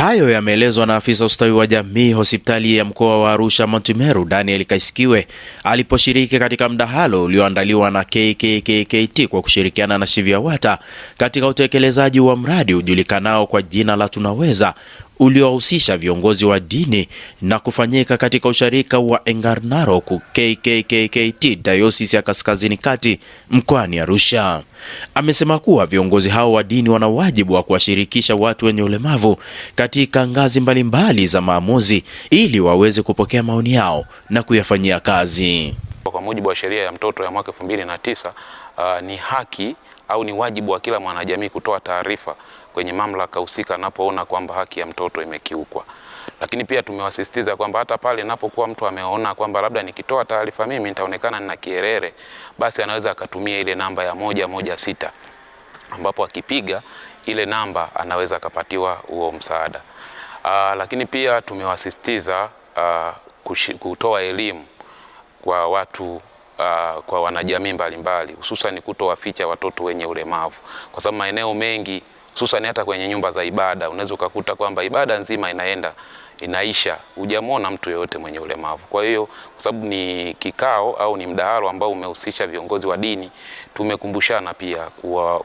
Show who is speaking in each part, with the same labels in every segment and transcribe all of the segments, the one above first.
Speaker 1: Hayo yameelezwa na afisa ustawi wa jamii hospitali ya mkoa wa Arusha Mount Daniel Kaiskiwe aliposhiriki katika mdahalo ulioandaliwa na KKKKT kwa kushirikiana na Shivyawata katika utekelezaji wa mradi ujulikanao kwa jina la Tunaweza uliowahusisha viongozi wa dini na kufanyika katika usharika wa Engarnaro KKKKT Diocese ya Kaskazini Kati mkoani Arusha. Amesema kuwa viongozi hao wa dini wana wajibu wa kuwashirikisha watu wenye ulemavu katika ngazi mbalimbali za maamuzi ili waweze kupokea maoni yao na kuyafanyia kazi.
Speaker 2: Kwa mujibu wa sheria ya mtoto ya mwaka 2009, uh, ni haki au ni wajibu wa kila mwanajamii kutoa taarifa kwenye mamlaka husika anapoona kwamba haki ya mtoto imekiukwa. Lakini pia tumewasisitiza kwamba hata pale inapokuwa mtu ameona kwamba labda nikitoa taarifa mimi nitaonekana nina kiherere, basi anaweza akatumia ile namba ya moja moja sita ambapo akipiga ile namba anaweza akapatiwa huo msaada. Aa, ah, lakini pia tumewasisitiza ah, kutoa elimu kwa watu uh, kwa wanajamii mbalimbali, hususan kutowaficha watoto wenye ulemavu, kwa sababu maeneo mengi hususani hata kwenye nyumba za ibada, unaweza ukakuta kwamba ibada nzima inaenda inaisha, hujamwona mtu yeyote mwenye ulemavu. Kwa hiyo kwa sababu ni kikao au ni mdahalo ambao umehusisha viongozi wa dini, tumekumbushana pia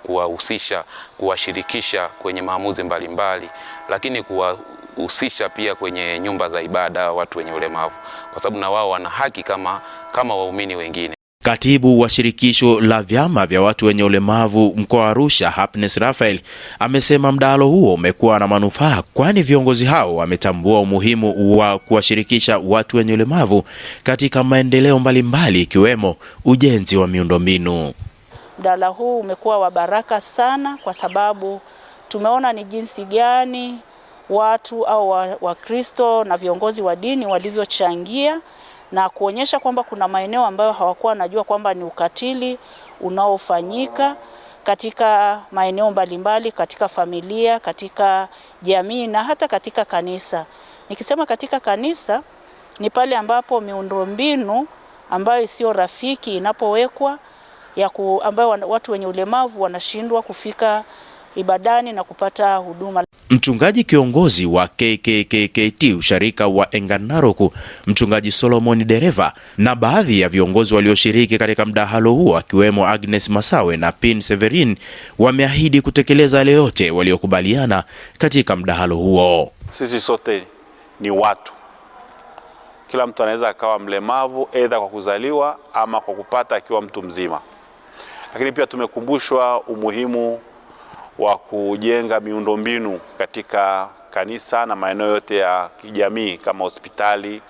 Speaker 2: kuwahusisha, kuwashirikisha kwenye maamuzi mbalimbali, lakini kuwahusisha pia kwenye nyumba za ibada watu wenye ulemavu, kwa sababu na wao wana haki kama, kama waumini wengine.
Speaker 1: Katibu wa shirikisho la vyama vya watu wenye ulemavu mkoa wa Arusha, Happiness Raphael, amesema mdahalo huo umekuwa na manufaa, kwani viongozi hao wametambua umuhimu wa kuwashirikisha watu wenye ulemavu katika maendeleo mbalimbali ikiwemo mbali ujenzi wa miundombinu.
Speaker 3: Mdahalo huu umekuwa wa baraka sana kwa sababu tumeona ni jinsi gani watu au Wakristo wa na viongozi wa dini walivyochangia na kuonyesha kwamba kuna maeneo ambayo hawakuwa wanajua kwamba ni ukatili unaofanyika katika maeneo mbalimbali, katika familia, katika jamii na hata katika kanisa. Nikisema katika kanisa ni pale ambapo miundombinu ambayo isiyo rafiki inapowekwa ya ku, ambayo watu wenye ulemavu wanashindwa kufika ibadani na kupata huduma.
Speaker 1: Mchungaji kiongozi wa KKKKT usharika wa Enganaroku, mchungaji Solomon Dereva na baadhi ya viongozi walioshiriki katika mdahalo huo akiwemo Agnes Masawe na Pin Severin wameahidi kutekeleza yale yote waliokubaliana katika mdahalo huo.
Speaker 4: Sisi sote ni watu, kila mtu anaweza akawa mlemavu aidha kwa kuzaliwa ama kwa kupata akiwa mtu mzima, lakini pia tumekumbushwa umuhimu wa kujenga miundombinu katika kanisa na maeneo yote ya kijamii kama hospitali,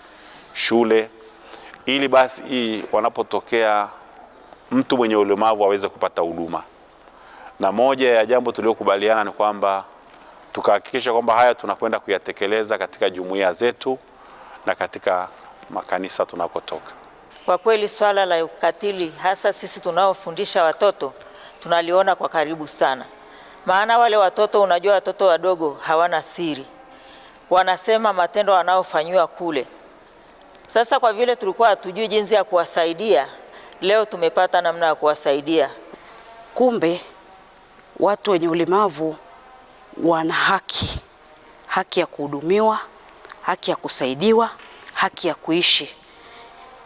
Speaker 4: shule, ili basi hii wanapotokea mtu mwenye ulemavu aweze kupata huduma. Na moja ya jambo tuliokubaliana ni kwamba tukahakikisha kwamba haya tunakwenda kuyatekeleza katika jumuiya zetu na katika makanisa tunakotoka.
Speaker 5: Kwa kweli swala la ukatili, hasa sisi tunaofundisha watoto, tunaliona kwa karibu sana. Maana wale watoto, unajua watoto wadogo hawana siri, wanasema matendo wanaofanyiwa kule. Sasa kwa vile tulikuwa hatujui jinsi ya kuwasaidia, leo tumepata namna ya kuwasaidia.
Speaker 6: Kumbe watu wenye ulemavu wana haki, haki ya kuhudumiwa, haki ya kusaidiwa, haki ya kuishi.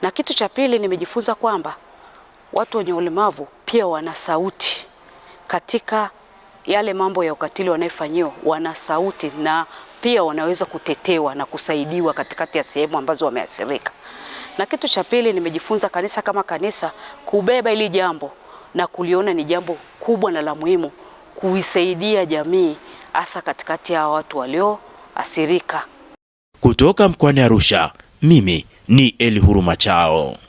Speaker 6: Na kitu cha pili nimejifunza kwamba watu wenye ulemavu pia wana sauti katika yale mambo ya ukatili wanayofanyiwa, wana sauti na pia wanaweza kutetewa na kusaidiwa katikati ya sehemu ambazo wameathirika. Na kitu cha pili, nimejifunza kanisa kama kanisa kubeba ili jambo na kuliona ni jambo kubwa na la muhimu kuisaidia jamii hasa katikati ya watu walioathirika.
Speaker 1: Kutoka mkoani Arusha, mimi ni Elihuru Machao.